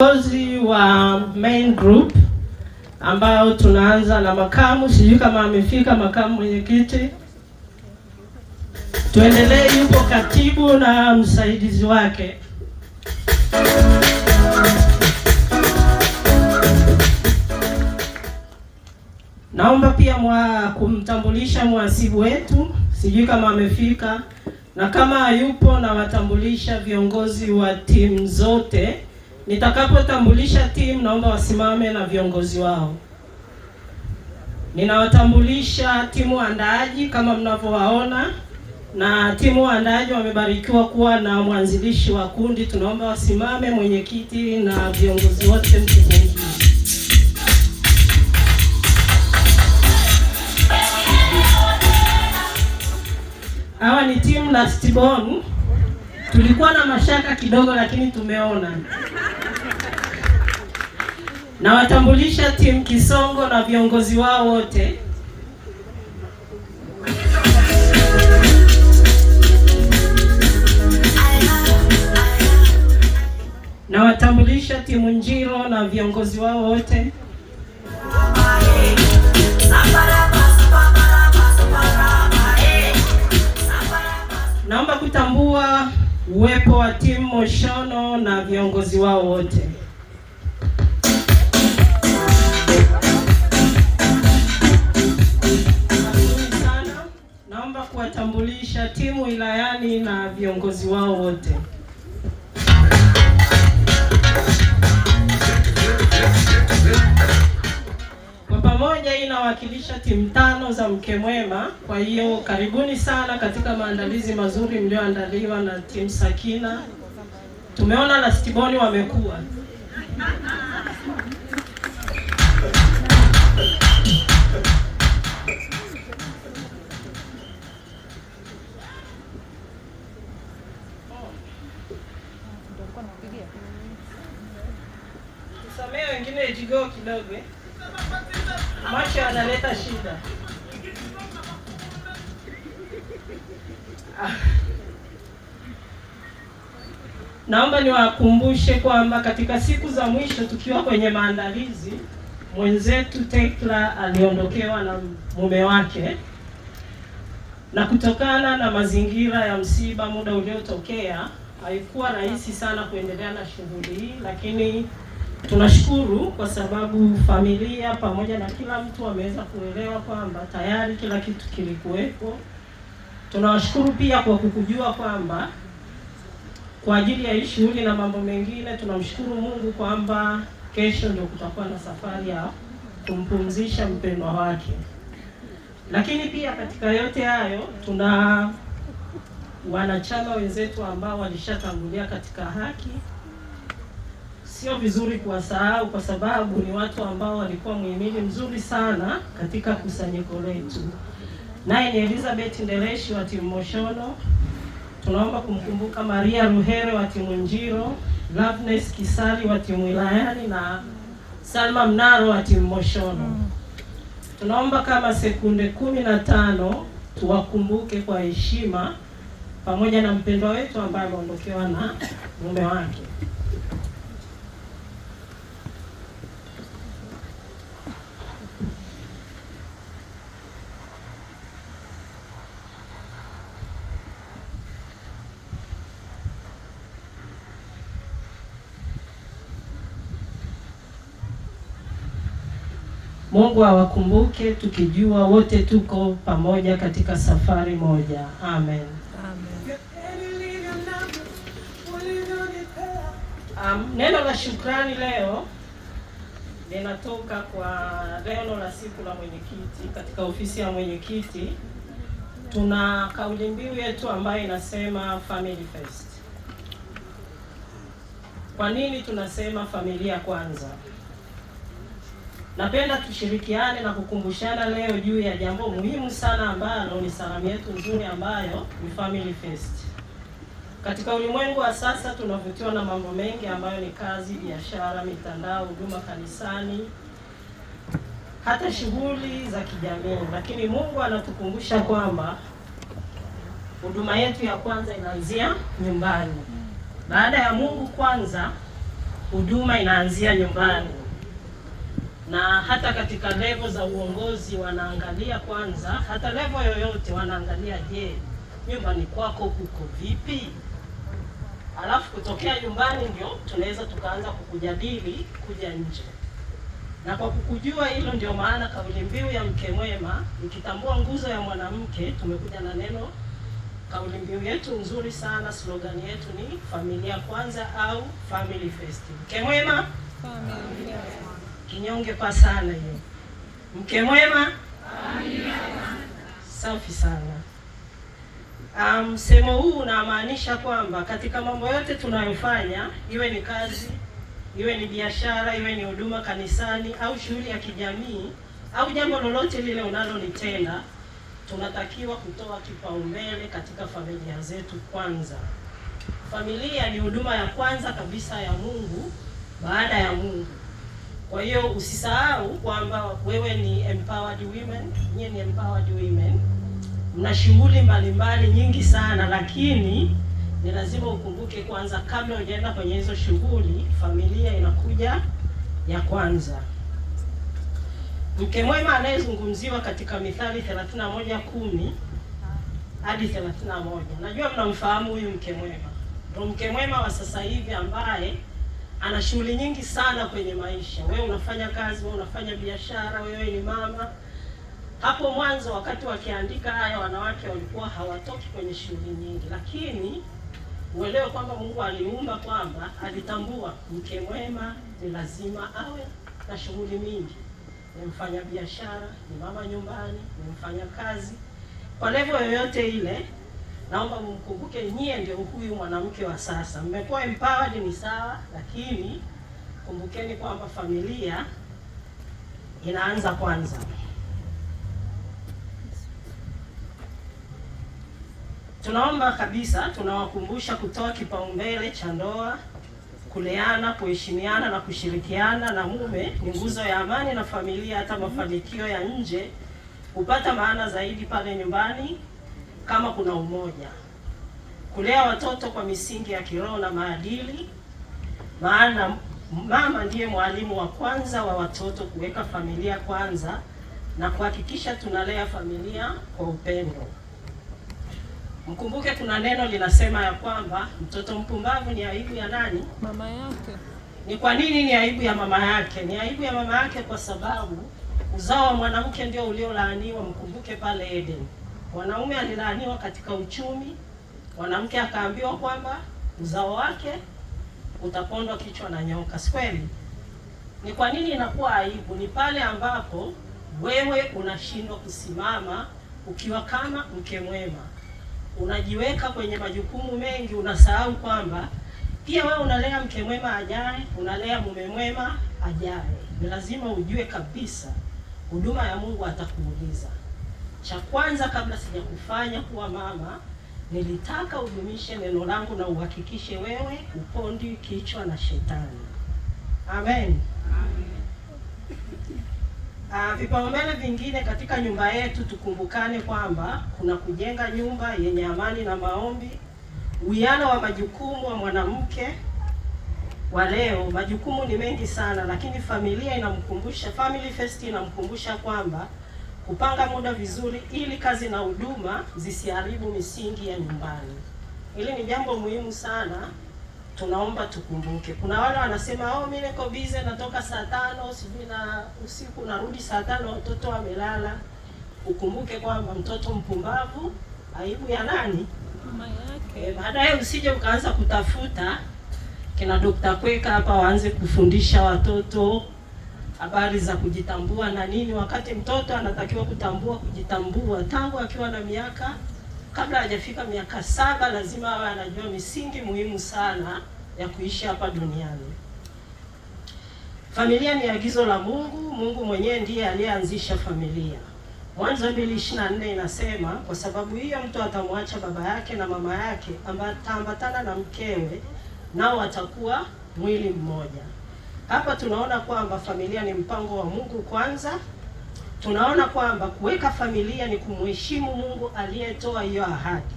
Viongozi wa main group ambao tunaanza na makamu, sijui kama amefika makamu mwenyekiti, tuendelee, yupo katibu na msaidizi wake. Naomba pia mwa kumtambulisha mwasibu wetu, sijui kama amefika, na kama hayupo, nawatambulisha viongozi wa timu zote Nitakapotambulisha timu, naomba wasimame na viongozi wao. Ninawatambulisha timu andaaji kama mnavyowaona, na timu waandaaji wamebarikiwa kuwa na mwanzilishi wa kundi. Tunaomba wasimame, mwenyekiti na viongozi wote mkufungi Hawa ni timu Stibon. Tulikuwa na mashaka kidogo, lakini tumeona Nawatambulisha timu Kisongo na viongozi wao wote. Nawatambulisha timu Njiro na viongozi wao wote. Naomba kutambua uwepo wa timu Moshono na viongozi wao wote. kuwatambulisha timu wilayani na viongozi wao wote. Kwa pamoja hii inawakilisha timu tano za Mke Mwema. Kwa hiyo karibuni sana katika maandalizi mazuri mlioandaliwa na timu Sakina. Tumeona na Stiboni wamekuwa kidogo eh, macho shida ah. Naomba niwakumbushe kwamba katika siku za mwisho tukiwa kwenye maandalizi, mwenzetu Tekla aliondokewa na mume wake, na kutokana na mazingira ya msiba, muda uliotokea, haikuwa rahisi sana kuendelea na shughuli hii, lakini Tunashukuru kwa sababu familia pamoja na kila mtu ameweza kuelewa kwamba tayari kila kitu kilikuwepo. Tunawashukuru pia kwa kukujua kwamba kwa ajili ya hii shughuli na mambo mengine, tunamshukuru Mungu kwamba kesho ndio kutakuwa na safari ya kumpumzisha mpendwa wake. Lakini pia katika yote hayo tuna wanachama wenzetu ambao walishatangulia katika haki sio vizuri kuwasahau kwa sababu ni watu ambao walikuwa muhimili mzuri sana katika kusanyiko letu. Naye ni Elizabeth ndereshi wa timu Moshono. Tunaomba kumkumbuka Maria Ruhere wa timu Njiro, Loveness Kisali wa timu Wilayani na Salma Mnaro wa timu Moshono. Tunaomba kama sekunde kumi na tano tuwakumbuke kwa heshima pamoja na mpendwa wetu ambaye ameondokewa na mume wake. Mungu awakumbuke tukijua wote tuko pamoja katika safari moja. Amen. Amen. Um, neno la shukrani leo linatoka kwa neno la siku la mwenyekiti katika ofisi ya mwenyekiti. Tuna kauli mbiu yetu ambayo inasema family first. Kwa nini tunasema familia kwanza? Napenda tushirikiane na kukumbushana leo juu ya jambo muhimu sana ambalo ni salamu yetu nzuri ambayo ni Family First. Katika ulimwengu wa sasa tunavutiwa na mambo mengi ambayo ni kazi, biashara, mitandao, huduma kanisani, hata shughuli za kijamii, lakini Mungu anatukumbusha kwamba huduma yetu ya kwanza inaanzia nyumbani. Baada ya Mungu kwanza, huduma inaanzia nyumbani na hata katika levo za uongozi wanaangalia kwanza, hata levo yoyote wanaangalia, je, nyumbani kwako kuko vipi? Alafu kutokea nyumbani ndio tunaweza tukaanza kukujadili kuja nje na kwa kukujua hilo, ndio maana kauli mbiu ya mke mwema ikitambua nguzo ya mwanamke, tumekuja na neno. Kauli mbiu yetu nzuri sana, slogani yetu ni familia kwanza au family first. Mke mwema, familia Kinyonge kwa sana hiyo. Mke mwema, amina. Safi sana. Ah, msemo um, huu unamaanisha kwamba katika mambo yote tunayofanya, iwe ni kazi, iwe ni biashara, iwe ni huduma kanisani au shughuli ya kijamii au jambo lolote lile unalolitenda, tunatakiwa kutoa kipaumbele katika familia zetu kwanza. Familia ni huduma ya kwanza kabisa ya Mungu baada ya Mungu. Kwa hiyo usisahau kwamba wewe ni empowered women, nyie ni empowered women, mna shughuli mbalimbali nyingi sana, lakini ni lazima ukumbuke kwanza, kabla hujaenda kwenye hizo shughuli, familia inakuja ya kwanza. Mke mwema anayezungumziwa katika Mithali 31:10 hadi 31. Najua mnamfahamu huyu mke mwema, ndio mke mwema wa sasa hivi ambaye ana shughuli nyingi sana kwenye maisha. Wewe unafanya kazi, wewe unafanya biashara, wewe ni mama. Hapo mwanzo wakati wakiandika haya, wanawake walikuwa hawatoki kwenye shughuli nyingi, lakini uelewe kwamba Mungu aliumba kwamba alitambua mke mwema ni lazima awe na shughuli mingi, ni mfanya biashara, ni mama nyumbani, ni mfanya kazi, kwa level yoyote ile naomba mkumbuke nyie ndio huyu mwanamke wa sasa. Mmekuwa empowered ni sawa, lakini kumbukeni kwamba familia inaanza kwanza. Tunaomba kabisa, tunawakumbusha kutoa kipaumbele cha ndoa, kuleana, kuheshimiana na kushirikiana na mume ni nguzo ya amani na familia. Hata mafanikio ya nje hupata maana zaidi pale nyumbani kama kuna umoja, kulea watoto kwa misingi ya kiroho na maadili, maana mama ndiye mwalimu wa kwanza wa watoto, kuweka familia kwanza na kuhakikisha tunalea familia kwa upendo. Mkumbuke kuna neno linasema ya kwamba mtoto mpumbavu ni aibu ya nani? Mama yake. Ni kwa nini ni aibu ya mama yake? Ni aibu ya mama yake kwa sababu uzao wa mwanamke ndio uliolaaniwa. Mkumbuke pale Eden Mwanaume alilaaniwa katika uchumi, mwanamke akaambiwa kwamba uzao wake utapondwa kichwa na nyoka. Si kweli? Ni kwa nini inakuwa aibu? Ni pale ambapo wewe unashindwa kusimama ukiwa kama mke mwema, unajiweka kwenye majukumu mengi, unasahau kwamba pia wewe unalea mke mwema ajaye, unalea mume mwema ajaye. Ni lazima ujue kabisa huduma ya Mungu atakuuliza. Cha kwanza kabla sijakufanya kuwa mama, nilitaka udumishe neno langu na uhakikishe wewe upondi kichwa na shetani. Amen. Ah, vipaumbele vingine katika nyumba yetu tukumbukane kwamba kuna kujenga nyumba yenye amani na maombi, uwiano wa majukumu wa mwanamke wa leo. Majukumu ni mengi sana, lakini familia inamkumbusha, family first inamkumbusha kwamba kupanga muda vizuri ili kazi na huduma zisiharibu misingi ya nyumbani. Hili ni jambo muhimu sana, tunaomba tukumbuke. Kuna wale wanasema oh, mimi niko busy, natoka saa tano sijui na usiku narudi saa tano watoto wamelala. Ukumbuke kwamba mtoto mpumbavu aibu ya nani? Mama yake. E, baadaye usije ukaanza kutafuta kina Dr. Kweka hapa waanze kufundisha watoto habari za kujitambua na nini, wakati mtoto anatakiwa kutambua kujitambua tangu akiwa na miaka kabla hajafika miaka saba, lazima awe anajua misingi muhimu sana ya kuishi hapa duniani. Familia ni agizo la Mungu. Mungu mwenyewe ndiye aliyeanzisha familia. Mwanzo 224 inasema, kwa sababu hiyo mtu atamwacha baba yake na mama yake, ataambatana na mkewe, nao watakuwa mwili mmoja. Hapa tunaona kwamba familia ni mpango wa Mungu kwanza. Tunaona kwamba kuweka familia ni kumheshimu Mungu aliyetoa hiyo ahadi.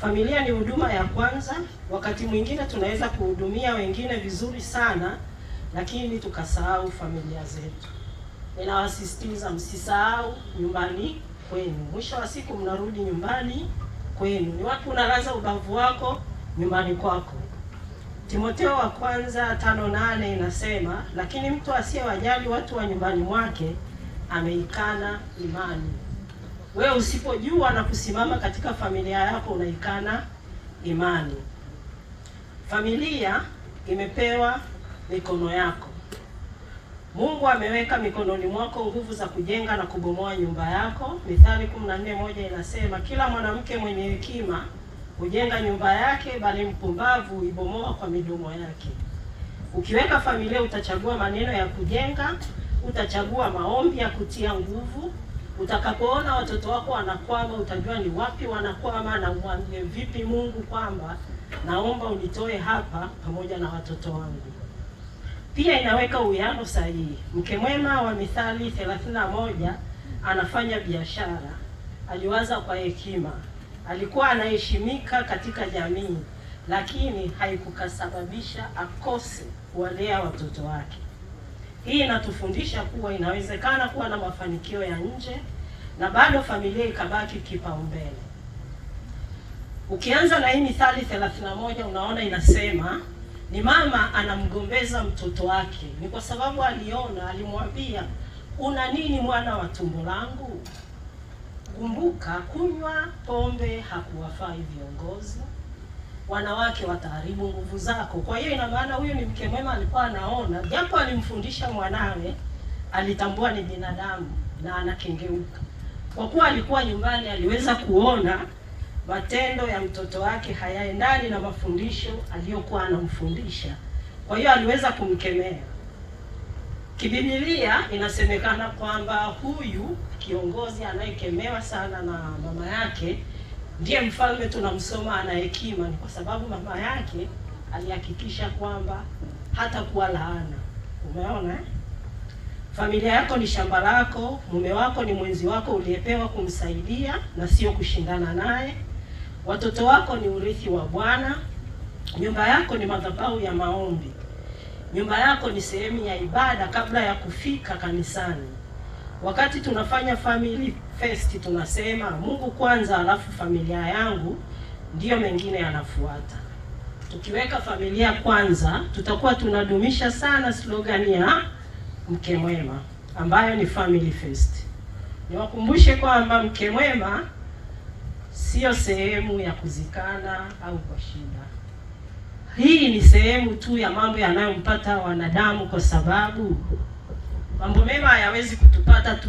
Familia ni huduma ya kwanza. Wakati mwingine tunaweza kuhudumia wengine vizuri sana, lakini tukasahau familia zetu. Ninawasisitiza, msisahau nyumbani kwenu. Mwisho wa siku mnarudi nyumbani kwenu. Ni wapi unalaza ubavu wako? Nyumbani kwako timoteo wa kwanza tano nane inasema, lakini mtu asiyewajali watu wa nyumbani mwake ameikana imani. Wewe usipojua na kusimama katika familia yako unaikana imani. Familia imepewa mikono yako. Mungu ameweka mikononi mwako nguvu za kujenga na kubomoa nyumba yako. Mithali 14:1 inasema, kila mwanamke mwenye hekima Kujenga nyumba yake, bali mpumbavu ibomoa kwa midomo yake. Ukiweka familia utachagua maneno ya kujenga, utachagua maombi ya kutia nguvu. Utakapoona watoto wako wanakwama, utajua ni wapi wanakwama na umwambie vipi Mungu kwamba naomba unitoe hapa pamoja na watoto wangu. Pia inaweka uwiano sahihi. Mke mwema wa Mithali 31 anafanya biashara, aliwaza kwa hekima alikuwa anaheshimika katika jamii, lakini haikukasababisha akose kuwalea watoto wake. Hii inatufundisha kuwa inawezekana kuwa na mafanikio ya nje na bado familia ikabaki kipaumbele. Ukianza na hii Mithali 31 unaona inasema ni mama anamgombeza mtoto wake, ni kwa sababu aliona, alimwambia una nini mwana wa tumbo langu? Kumbuka, kunywa pombe hakuwafai viongozi, wanawake wataharibu nguvu zako. Kwa hiyo ina maana huyu ni mke mwema, alikuwa anaona, japo alimfundisha mwanawe, alitambua ni binadamu na anakengeuka. Kwa kuwa alikuwa nyumbani, aliweza kuona matendo ya mtoto wake hayaendani na mafundisho aliyokuwa anamfundisha. Kwa hiyo aliweza kumkemea. Kibiblia inasemekana kwamba huyu kiongozi anayekemewa sana na mama yake ndiye mfalme tunamsoma ana hekima, ni kwa sababu mama yake alihakikisha kwamba hata kuwa laana. Umeona eh? Familia yako ni shamba lako, mume wako ni mwenzi wako uliyepewa kumsaidia na sio kushindana naye. Watoto wako ni urithi wa Bwana, nyumba yako ni madhabahu ya maombi, nyumba yako ni sehemu ya ibada kabla ya kufika kanisani. Wakati tunafanya family first, tunasema Mungu kwanza, alafu familia yangu, ndiyo mengine yanafuata. Tukiweka familia kwanza, tutakuwa tunadumisha sana slogan ya mke mwema ambayo ni family first. Niwakumbushe kwamba mke mwema sio sehemu ya kuzikana au kwa shida. Hii ni sehemu tu ya mambo yanayompata wanadamu kwa sababu Mambo mema hayawezi kutupata tu